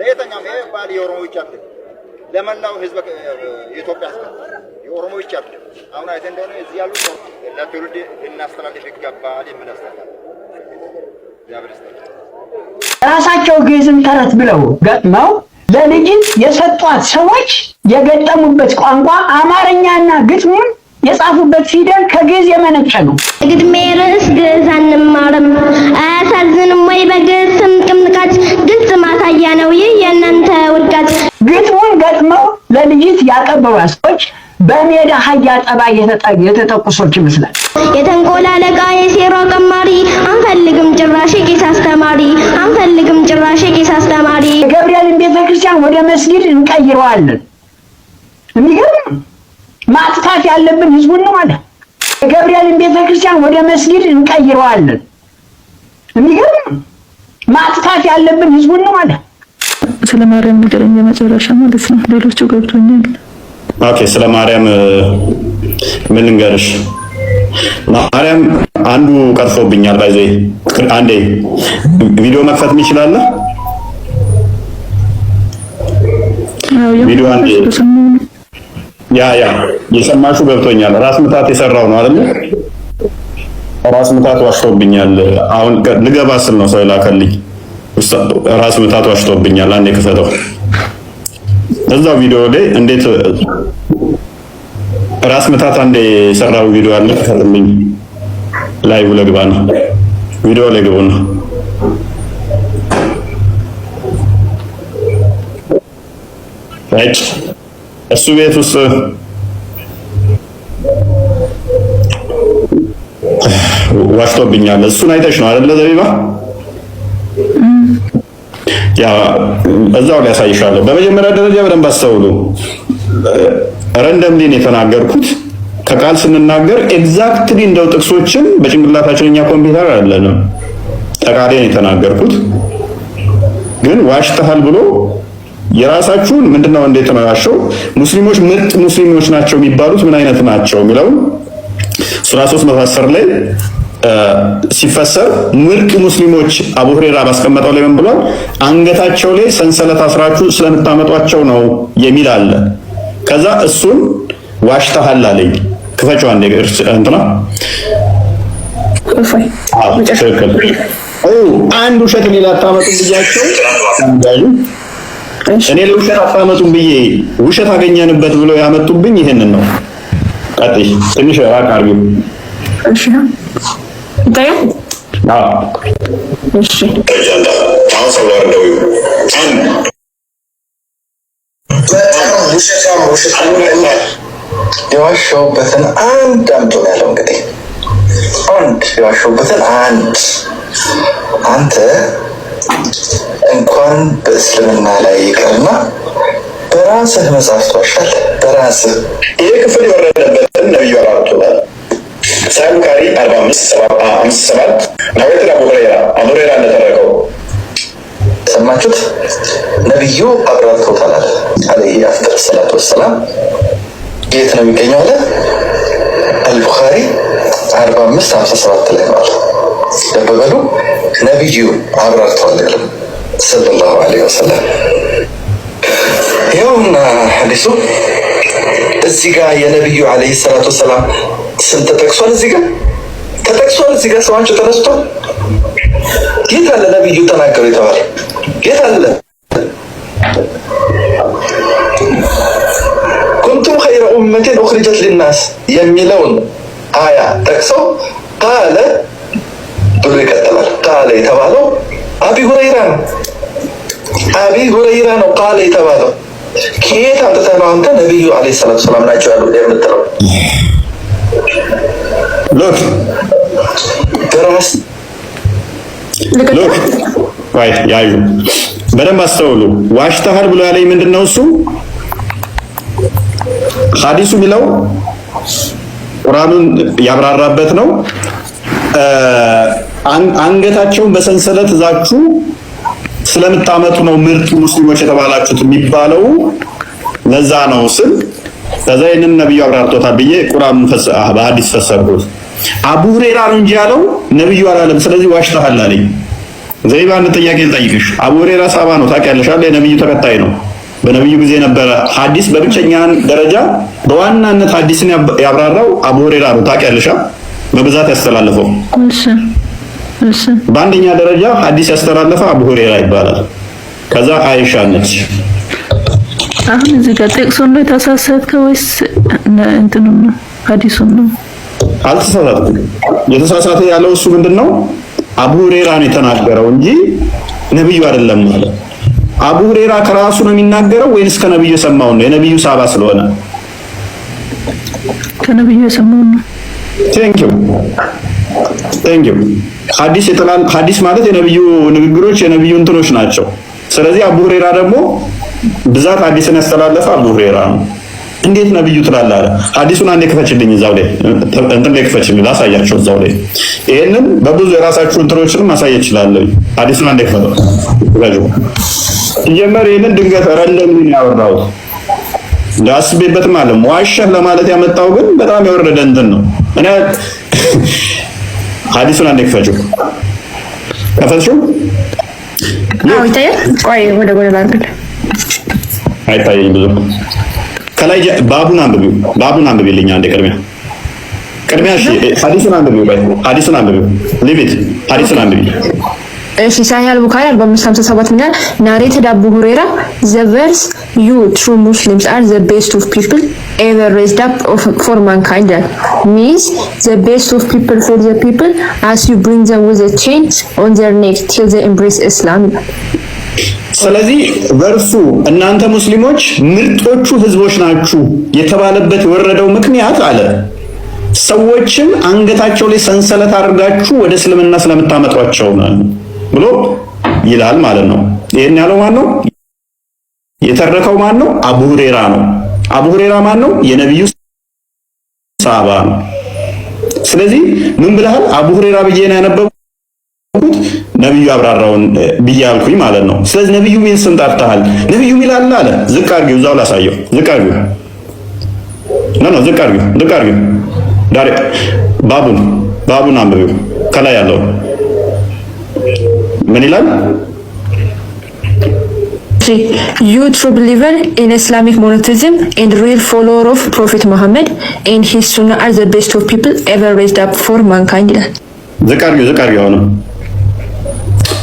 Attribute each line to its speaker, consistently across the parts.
Speaker 1: ለየትኛውም ይሄ በዓል የኦሮሞ ብቻ አይደለም፣ ለመላው ህዝብ የኢትዮጵያ ህዝብ የኦሮሞ ብቻ አይደለም። አሁን አይተ እንደሆነ እዚህ ያሉ ለትውልድ እናስተላልፍ ይገባል የሚል አስተላልፍ
Speaker 2: ራሳቸው ግዕዝን ተረት ብለው ገጥመው ለልጅ የሰጧት ሰዎች የገጠሙበት ቋንቋ አማርኛና ግጥሙን የጻፉበት ፊደል ከግዕዝ የመነጨ ነው።
Speaker 3: ግድሜ ርዕስ ግዕዝ አንማርም አያሳዝንም ወይ? በግስም ቅምቃጭ ግልጽ ማሳያ ነው ይህ የእናንተ ውድቀት።
Speaker 2: ግጥሙን ገጥመው ለልጅት ያቀበሩ ሰዎች በሜዳ አህያ ጠባይ የተጠቁ ሰዎች ይመስላል።
Speaker 4: የተንኮል አለቃ፣ የሴራ ቀማሪ አንፈልግም ጭራሽ ቄስ አስተማሪ አንፈልግም ጭራሽ ቄስ አስተማሪ።
Speaker 2: የገብርኤልን ቤተክርስቲያን ወደ መስጊድ እንቀይረዋለን። የሚገርም ማጥፋት ያለብን ህዝቡን ነው አለ። የገብርኤልን ቤተክርስቲያን ወደ መስጊድ እንቀይረዋለን። የሚገርም ማጥፋት ያለብን ህዝቡን ነው አለ።
Speaker 5: ስለ ማርያም ንገረኝ የመጨረሻ ማለት ነው። ሌሎቹ ገብቶኛል።
Speaker 6: ኦኬ፣ ስለ ማርያም ምን ልንገርሽ? ማርያም አንዱ ቀርቶብኛል። ባይዘ አንዴ ቪዲዮ መክፈት ይችላል። ቪዲዮ አንዴ ያ ያ የሰማሹ ገብቶኛል። ራስ ምታት የሰራው ነው አይደል? ራስ ምታት ዋሽቶብኛል። አሁን ልገባ ስል ነው ሰው የላከልኝ። ራስ ምታት ዋሽቶብኛል። አንዴ ክፈተው። እዛ ቪዲዮ ላይ እንዴት ራስ ምታት አንዴ የሰራው ቪዲዮ አለ ከልምኝ ላይቭ ለግባ ነው ቪዲዮ ላይ ግቡ ነው እሱ ቤት ውስጥ ዋሽቶብኛል። እሱን አይተሽ ነው አይደለ ዘቢባ? ያ እዛው ላይ ያሳይሻለሁ። በመጀመሪያ ደረጃ በደንብ አስተውሉ። ረንደምሊ ነው የተናገርኩት። ከቃል ስንናገር ኤግዛክትሊ እንደው ጥቅሶችን በጭንቅላታችን እኛ ኮምፒውተር አይደለንም። ጠቃላይ የተናገርኩት። ግን ዋሽተሃል ብሎ የራሳችሁን ምንድነው እንዴት ነው ያሸው? ሙስሊሞች ምርጥ ሙስሊሞች ናቸው የሚባሉት ምን አይነት ናቸው የሚለው ሱራ 3 መፋሰር ላይ ሲፈሰር ምርጥ ሙስሊሞች አቡ ሁሬራ ባስቀመጠው ላይ ምን ብሏል? አንገታቸው ላይ ሰንሰለት አስራችሁ ስለምታመጧቸው ነው የሚል አለ። ከዛ እሱን ዋሽተሃል አለኝ። ክፈችው አንዴ እንትና አንድ ውሸት ሌላ አታመጡም ብያቸው እኔ ለውሸት አታመጡም ብዬ ውሸት አገኘንበት ብሎ ያመጡብኝ ይሄንን ነው። ቀጥይ ትንሽ ራቅ አርጊው።
Speaker 5: እሺ ይታያል።
Speaker 7: እሺ አንድ አምጡ ነው ያለው። እንግዲህ አንድ የዋሻውበትን አንድ አንተ እንኳን በእስልምና ላይ ይቅርና በራስህ መጽሐፍ ትዋሻለህ። በራስህ ይሄ ክፍል የወረደበት ሳይ ቡካሪ አርባ አምስት አምስት ሰባት ናወትን አቡ ሁረይራ አቡ ሁረይራ እንደተረከው ሰማችሁት። ነቢዩ አብራርተውታል አለይ አፍጠር ሰላት ወሰላም የት ነው የሚገኘው አለ አልቡኻሪ አርባ አምስት ሀምሳ ሰባት ላይ ማለት ደበበሉ ነቢዩ አብራርተዋል ያለ ሰለላሁ ዐለይሂ ወሰለም ይኸውና ሐዲሱ እዚህ ጋር የነቢዩ አለይሂ ሰላቱ ወሰላም ስም ተጠቅሷል እዚህ ጋር ተጠቅሷል እዚህ ጋር ስማቸው ተነስቶ የት አለ ነብዩ ተናገሩ የተባለ የት አለ? ኩንቱም ኸይረ ኡመቴን ኡኽሪጀት ሊናስ የሚለውን አያ ጠቅሰው ቃለ ብሎ ይቀጥላል። ቃለ የተባለው አቢ ሁረይራ ነው። አቢ ሁረይራ ነው ቃለ የተባለው። ከየት አምጥተህ ነው አንተ ነቢዩ ዓለይሂ ሰላቱ ሰላም ናቸው ያሉ የምትለው? ሎክ ከራስ ሎክ ቆይ ያዩ በደንብ አስተውሉ። ዋሽተሃል ብሎ ያለኝ ምንድን ነው? እሱ ሐዲሱ የሚለው ቁርአኑን ያብራራበት ነው። አንገታቸውን በሰንሰለት እዛችሁ ስለምታመጡ ነው ምርጥ ሙስሊሞች የተባላችሁት የሚባለው ለዛ ነው ስል ከዛ ይህንን ነብዩ አብራርቶታል ብዬ ቁርአን በሀዲስ ፈሰርኩት። አቡ ሁሬራ ነው እንጂ ያለው ነብዩ አላለም። ስለዚህ ዋሽተሃል አለኝ። ዘይባ አንድ ጥያቄ ልጠይቅሽ። አቡ ሁሬራ ሳባ ነው ታውቂያለሽ፣ የነብዩ ተከታይ ነው። በነብዩ ጊዜ ነበረ። ሀዲስ በብቸኛ ደረጃ በዋናነት ሀዲስን ያብራራው አቡ ሁሬራ ነው ታውቂያለሽ፣ በብዛት ያስተላለፈው። በአንደኛ ደረጃ ሀዲስ ያስተላለፈ አቡ ሁሬራ ይባላል። ከዛ አይሻ ነች። አሁን እዚህ ጋር ጥቅሱን ነው የተሳሳትከው ወይስ እንትኑ ነው ነው? አልተሳሳትኩም። የተሳሳተ ያለው እሱ ምንድን ነው አቡ ሁሬራ ነው የተናገረው እንጂ ነብዩ አይደለም ማለት። አቡ ሁሬራ ከራሱ ነው የሚናገረው ወይንስ ከነብዩ የሰማው ነው? የነብዩ ሳባ ስለሆነ ከነብዩ የሰማው ነው። ቴንክ ዩ ቴንክ ዩ። ሀዲስ የተላል ሀዲስ ማለት የነብዩ ንግግሮች የነብዩ እንትኖች ናቸው። ስለዚህ አቡ ሁሬራ ደግሞ ብዛት ሐዲስን ያስተላለፈ አቡ ሁሬራ ነው። እንዴት ነብዩ ትላለህ አለ። ሐዲሱን አንዴ ክፈችልኝ፣ እዛው ላይ እንትን ላይ ክፈችልኝ፣ ላሳያቸው እዛው ላይ። ይሄንን በብዙ የራሳችሁ እንትኖችንም ማሳየት እችላለሁ። ሐዲሱን አንዴ ክፈተው ጀመር። ይሄንን ድንገት ረንደም ነው ያወራሁት፣ አስቤበትም አለ ዋሸህ ለማለት ያመጣው ግን በጣም የወረደ እንትን ነው። እኔ ሐዲሱን አንዴ ክፈችው፣ ከፈችው። አዎ ይታያል። ቆይ ወደ ጎደላ አይታየኝ ብዙ። ከላይ ባቡን አንብቢው፣ ባቡን አንብቢልኝ አንዴ። ቅድሚያ ቅድሚያ እሺ፣ ሐዲሱን አንብቢው፣ ባይ ሐዲሱን አንብቢው፣ ሊቪት ሐዲሱን አንብቢ። እሺ ሳያል ቡካሪ 457 ምናል ናሬትድ አቡ ሁሬራ ዘ ቨርስ ዩ ትሩ ሙስሊምስ አር ዘ ቤስት ኦፍ ፒፕል ኤቨር ሬዝድ አፕ ፎር ማንካይንድ ሚንስ ዘ ቤስት ኦፍ ፒፕል ፎር ዘ ፒፕል አስ ዩ ብሪንግ ዘም ዊዝ አ ቼን ኦን ዘር ኔክ ቲል ዘ ኤምብሬስ ኢስላም ይላል። ስለዚህ በእርሱ እናንተ ሙስሊሞች ምርጦቹ ህዝቦች ናችሁ የተባለበት የወረደው ምክንያት አለ ሰዎችን አንገታቸው ላይ ሰንሰለት አድርጋችሁ ወደ እስልምና ስለምታመጧቸው ብሎ ይላል ማለት ነው። ይህን ያለው ማን ነው? የተረከው ማን ነው? አቡ ሁሬራ ነው። አቡ ሁሬራ ማን ነው? የነቢዩ ሳባ ነው። ስለዚህ ምን ብለሃል? አቡ ሁሬራ ብዬ ነው ያነበብኩት ነብዩ አብራራውን ብያልኩኝ ማለት ነው። ስለዚህ ነብዩ ሚል ስም ጠርተሃል። ነብዩ ሚል አለ አለ። ዝቅ አድርጊው፣ እዛው ላሳየው። ዝቅ አድርጊው፣ ኖ ኖ፣ ዝቅ አድርጊው፣ ዝቅ አድርጊው። ዳሪ ባቡን ባቡን አንብቢው፣ ከላይ ያለው ምን ይላል? ዩ ትሩ ቢሊቨር ኢን ኢስላሚክ ሞኖቲዝም ኤንድ ሪል ፎሎወር ኦፍ ፕሮፌት መሐመድ ኤንድ ሂዝ ሱና አር ዘ ቤስት ኦፍ ፒፕል ኤቨር ሬዝድ አፕ ፎር ማንካይንድ ይላል። ዝቅ አድርጊው፣ ዝቅ አድርጊው አሁንም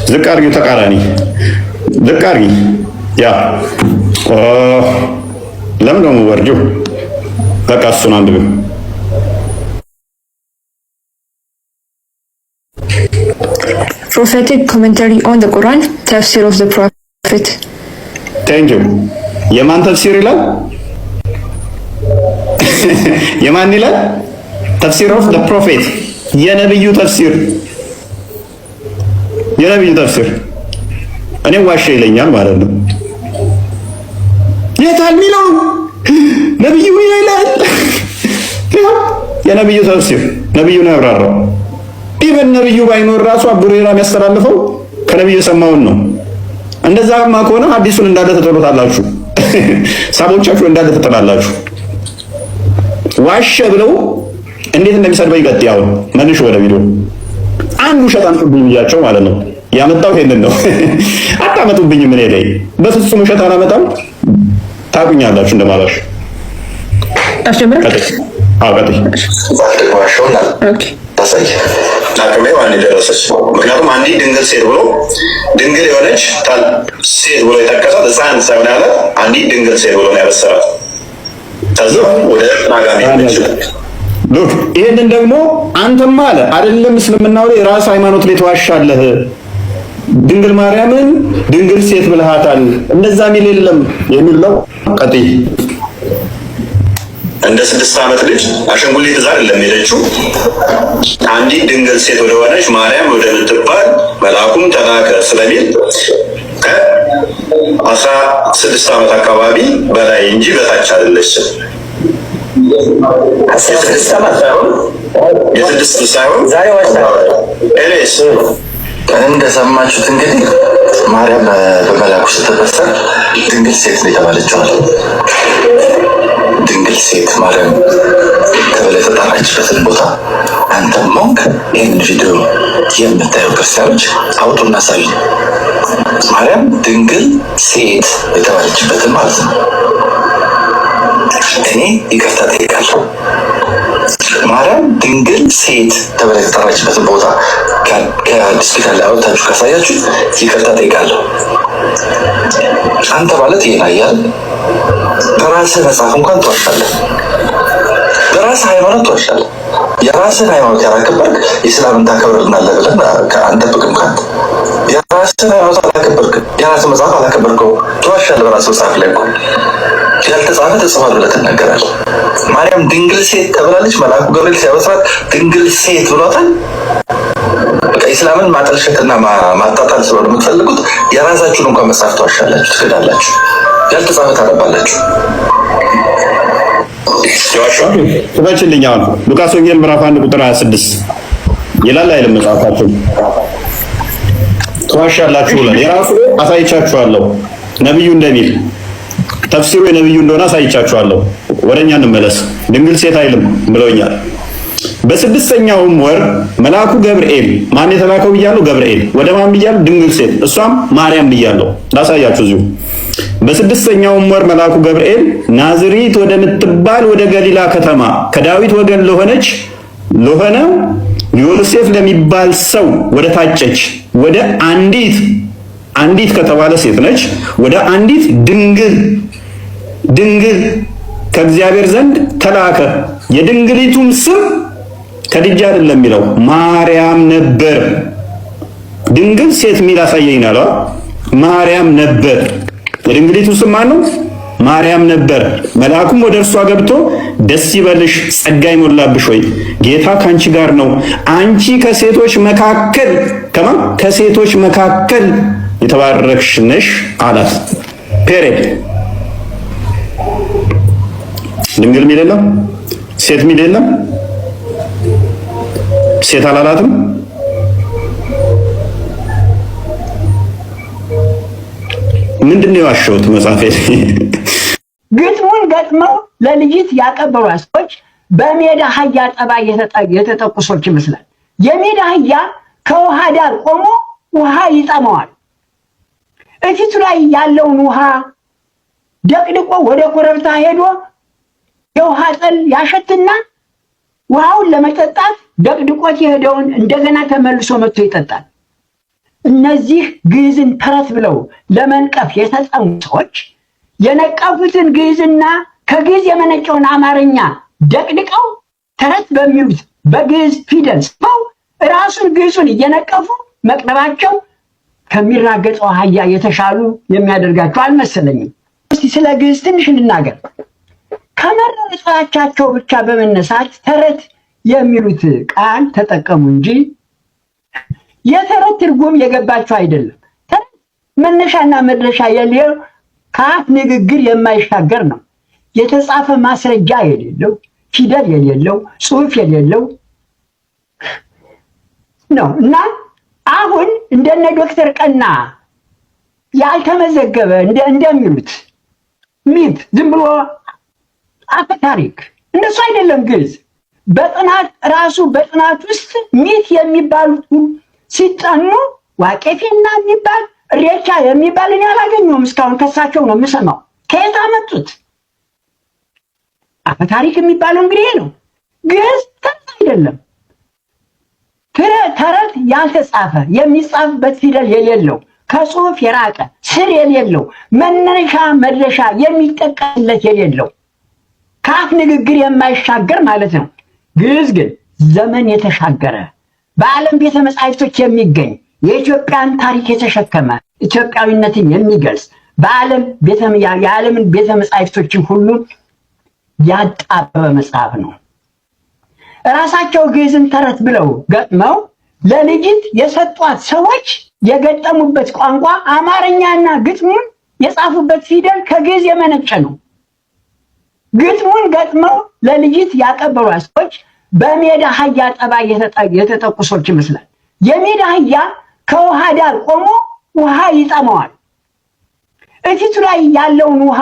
Speaker 7: ዝቅ አድርጊው፣ ተቃራኒ ዝቅ አድርጊ። ያ ለምን ደግሞ ወርጂው በቃ እሱን አንድ ብን ፕሮፌቲክ ኮሜንታሪ ኦን ዘ ቁርአን ተፍሲር ኦፍ ዘ ፕሮፌት ቴንክ ዩ። የማን ተፍሲር ይላል? የማን ይላል? ተፍሲር ኦፍ ዘ ፕሮፌት የነብዩ ተፍሲር የነቢዩ ተፍሲር እኔ ዋሸ ይለኛል ማለት ነው። የታል ሚለው ነቢዩ ይላል። የነቢዩ ተፍሲር ነቢዩ ነው ያብራራው። ኢቨን ነቢዩ ባይኖር ራሱ አቡ ሁረይራ የሚያስተላልፈው ከነቢዩ የሰማውን ነው። እንደዛማ ከሆነ አዲሱን እንዳለ ተጠሎታላችሁ፣ ሳቦቻችሁ እንዳለ ተጠላላችሁ። ዋሸ ብለው እንዴት እንደሚሰድበኝ ቀጥ ያው መልሽ ወደ ቪዲዮ አንዱ ሸጣን ሁሉ ብያቸው ማለት ነው። ያመጣው ይሄንን ነው። አታመጡብኝም። እኔ ላይ በፍጹም ውሸት አላመጣም። ታቁኛላችሁ እንደማላሽ አሸምራ ኦኬ ምክንያቱም አንዲ ድንግል ሴት ብሎ ድንግል የሆነች ሴት ብሎ የጠቀሳት ሕፃን ሳይሆን ያለ አንዲ ድንግል ሴት ብሎ ነው ያበሰራት። ከዛ ወደ ማጋሚ ይህንን ደግሞ አንተማ አለ አይደለም እስልምናው ላይ ራስ ሃይማኖት ላይ ተዋሻለህ ድንግል ማርያምን ድንግል ሴት ብልሃታል እንደዛ ሚል የለም የሚል ነው። እንደ ስድስት ዓመት ልጅ አሸንጉሊት እዛ አይደለም ሄደችው። አንዲት ድንግል ሴት ወደሆነች ማርያም ወደምትባል መልአኩም ተላከ ስለሚል ከአስራ ስድስት ዓመት አካባቢ በላይ እንጂ በታች አይደለችም። የስድስት ሳይሆን እንደሰማችሁት እንግዲህ ማርያም በመላኩ ስትበሰር ድንግል ሴት ነው የተባለችዋል። ድንግል ሴት ማርያም ተብላ የተጠራችበትን ቦታ አንተ ሞንክ ይህን ቪዲዮ የምታየው ክርስቲያኖች አውጡና ሳዩ። ማርያም ድንግል ሴት የተባለችበትን ማለት ነው። እኔ ይቅርታ ጠይቃለሁ። ማርያም ድንግል ሴት ተብላ የተጠራችበትን ቦታ ከአዲስ ኪዳን ላይ አውጥታችሁ ካሳያችሁ ይቅርታ ጠይቃለሁ። አንተ ማለት ይሄን አያል በራስህ መጽሐፍ እንኳን ትዋሻለህ፣ በራስህ ሃይማኖት ትዋሻለህ። የራስህን ሃይማኖት ያላከበርክ የስላምን ታከብርልናለህ ብለን አንጠብቅም ከአንተ ስለ ራሱ የራስ መጽሐፍ አላከበርከው ተዋሻል። በራስ መጽሐፍ ላይ እኮ ያልተጻፈ ተጽፏል ብለህ ትናገራለህ። ማርያም ድንግል ሴት ተብላለች። መልአኩ ገብርኤል ሲያበስራት ድንግል ሴት ብሏታል። በቃ ኢስላምን ማጠልሸትና ማጣጣል ስለሆነ የምትፈልጉት የራሳችሁን እንኳን መጽሐፍ ተዋሻላችሁ፣ ትክዳላችሁ፣ ያልተጻፈ ታነባላችሁ። ስበችልኝ አሁን ሉቃስ ወንጌል ምዕራፍ አንድ ቁጥር 26 ይላል አይልም መጽሐፋቸው ትዋሻላችሁ ብለን የራሱ አሳይቻችኋለሁ ነብዩ እንደሚል ተፍሲሩ የነብዩ እንደሆነ አሳይቻችኋለሁ። ወደኛ እንመለስ። ድንግል ሴት አይልም ብለውኛል። በስድስተኛውም ወር መልአኩ ገብርኤል ማን የተላከው ብያለሁ? ገብርኤል ወደ ማን ብያለሁ? ድንግል ሴት እሷም ማርያም ብያለሁ። ላሳያችሁ እዚሁ በስድስተኛውም ወር መልአኩ ገብርኤል ናዝሪት ወደምትባል ወደ ገሊላ ከተማ ከዳዊት ወገን ለሆነች ለሆነ ዮሴፍ ለሚባል ሰው ወደ ታጨች ወደ አንዲት አንዲት ከተባለ ሴት ነች። ወደ አንዲት ድንግል ድንግል ከእግዚአብሔር ዘንድ ተላከ። የድንግሊቱም ስም ከድጃ አይደለም የሚለው ማርያም ነበር። ድንግል ሴት የሚል አሳየኝ አለ። ማርያም ነበር። የድንግሊቱ ስም ማን ነው? ማርያም ነበር። መልአኩም ወደ እርሷ ገብቶ ደስ ይበልሽ፣ ጸጋ ይሞላብሽ ሆይ ጌታ ከአንቺ ጋር ነው። አንቺ ከሴቶች መካከል ከማ ከሴቶች መካከል የተባረክሽ ነሽ አላት። ፔሬድ ድንግል ሚል የለም፣ ሴት ሚል የለም። ሴት አላላትም። ምንድን ነው የዋሸሁት መጽሐፌ ግጥሙን ገጥመው ለልጅት ያቀበሉ ሰዎች በሜዳ አህያ ጠባ የተጠቁ ሰዎች ይመስላል። የሜዳ አህያ ከውሃ ዳር ቆሞ ውሃ ይጠመዋል። እፊቱ ላይ ያለውን ውሃ ደቅድቆ ወደ ኮረብታ ሄዶ የውሃ ጠል ያሸትና ውሃውን ለመጠጣት ደቅድቆት የሄደውን እንደገና ተመልሶ መጥቶ ይጠጣል። እነዚህ ግዕዝን ተረት ብለው ለመንቀፍ የተጠሙ ሰዎች የነቀፉትን ግዕዝና ከግዕዝ የመነጨውን አማርኛ ደቅድቀው ተረት በሚሉት በግዕዝ ፊደል ጽፈው ራሱን ግዕዙን እየነቀፉ መቅረባቸው ከሚራገጸው አህያ የተሻሉ የሚያደርጋቸው አልመሰለኝም። እስቲ ስለ ግዕዝ ትንሽ እንናገር። ከመረር ጽሑፋቸው ብቻ በመነሳት ተረት የሚሉት ቃል ተጠቀሙ እንጂ የተረት ትርጉም የገባቸው አይደለም። ተረት መነሻና መድረሻ የሌለው ከአፍ ንግግር የማይሻገር ነው። የተጻፈ ማስረጃ የሌለው ፊደል የሌለው ጽሑፍ የሌለው ነው እና አሁን እንደነ ዶክተር ቀና ያልተመዘገበ እንደሚሉት ሚት ዝም ብሎ አፈ ታሪክ እንደሱ አይደለም። ግዕዝ በጥናት ራሱ በጥናት ውስጥ ሚት የሚባሉት ሲጠኑ ዋቄፊና የሚባል እሬቻ የሚባል እኔ አላገኘሁም እስካሁን። ከሳቸው ነው የምሰማው። ከየት አመጡት? አፈ ታሪክ የሚባለው እንግዲህ ነው፣ ግዕዝ አይደለም። ተረት ያልተጻፈ የሚጻፍበት ፊደል የሌለው ከጽሁፍ የራቀ ስር የሌለው መነሻ መድረሻ የሚጠቀምለት የሌለው ከአፍ ንግግር የማይሻገር ማለት ነው። ግዕዝ ግን ዘመን የተሻገረ በዓለም ቤተ መጻሕፍቶች የሚገኝ የኢትዮጵያን ታሪክ የተሸከመ ኢትዮጵያዊነትን የሚገልጽ በዓለም የዓለምን ቤተ መጻሕፍቶችን ሁሉ ያጣበበ መጽሐፍ ነው። እራሳቸው ግዕዝን ተረት ብለው ገጥመው ለልጅት የሰጧት ሰዎች የገጠሙበት ቋንቋ አማርኛና ግጥሙን የጻፉበት ፊደል ከግዕዝ የመነጨ ነው። ግጥሙን ገጥመው ለልጅት ያቀበሏት ሰዎች በሜዳ አህያ ጠባይ የተጠቁ ሰዎች ይመስላል። የሜዳ አህያ ከውሃ ዳር ቆሞ ውሃ ይጠማዋል። እፊቱ ላይ ያለውን ውሃ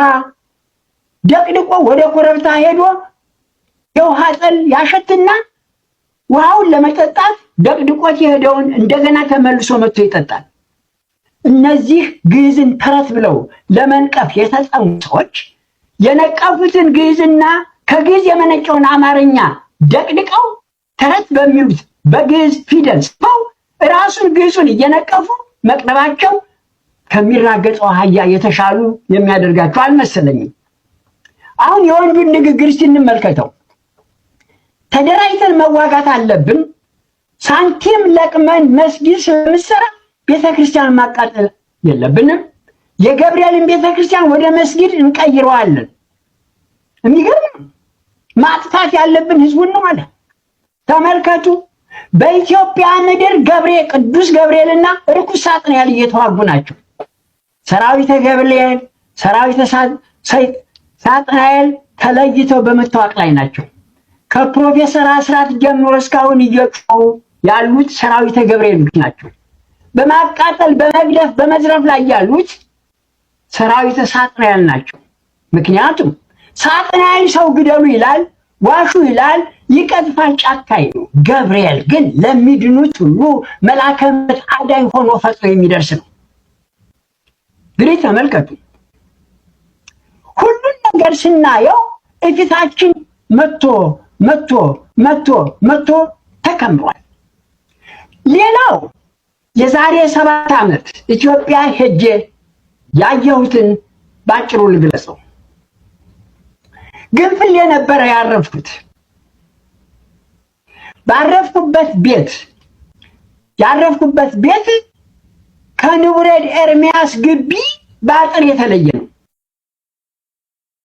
Speaker 7: ደቅድቆ ወደ ኮረብታ ሄዶ የውሃ ጠል ያሸትና ውሃውን ለመጠጣት ደቅድቆት የሄደውን እንደገና ተመልሶ መጥቶ ይጠጣል። እነዚህ ግዕዝን ተረት ብለው ለመንቀፍ የተጠሙ ሰዎች የነቀፉትን ግዕዝና ከግዕዝ የመነጨውን አማርኛ ደቅድቀው ተረት በሚሉት በግዕዝ ፊደል ራሱን ግሱን እየነቀፉ መቅረባቸው ከሚራገጠው አህያ የተሻሉ የሚያደርጋቸው አልመሰለኝም። አሁን የወንዱን ንግግር ስንመልከተው ተደራጅተን መዋጋት አለብን፣ ሳንቲም ለቅመን መስጊድ ስለምሰራ ቤተክርስቲያን ማቃጠል የለብንም፣ የገብርኤልን ቤተክርስቲያን ወደ መስጊድ እንቀይረዋለን። የሚገርም ማጥፋት ያለብን ህዝቡን ነው አለ። ተመልከቱ። በኢትዮጵያ ምድር ገብርኤል ቅዱስ ገብርኤልና ርኩስ ሳጥናኤል እየተዋጉ ናቸው። ሰራዊተ ገብርኤል፣ ሰራዊተ ሳጥናኤል ተለይተው በመታወቅ ላይ ናቸው። ከፕሮፌሰር አስራት ጀምሮ እስካሁን እየጮሁ ያሉት ሰራዊተ ገብርኤሎች ናቸው። በማቃጠል በመግደፍ በመዝረፍ ላይ ያሉት ሰራዊተ ሳጥናኤል ናቸው። ምክንያቱም ሳጥናኤል ሰው ግደሉ ይላል ዋሹ ይላል፣ ይቀዝፋል፣ ጫካይ ነው። ገብርኤል ግን ለሚድኑት ሁሉ መልአከ ምሕረት አዳኝ ሆኖ ፈጥኖ የሚደርስ ነው። እንግዲህ ተመልከቱ፣ ሁሉን ነገር ስናየው እፊታችን መቶ መቶ መቶ መቶ ተከምሯል። ሌላው የዛሬ ሰባት ዓመት ኢትዮጵያ ሄጄ ያየሁትን ባጭሩ ልግለጸው። ግንፍል የነበረ ያረፍኩት። ባረፍኩበት ቤት ያረፍኩበት ቤት ከንብሬድ ኤርሚያስ ግቢ በአጥር የተለየ ነው።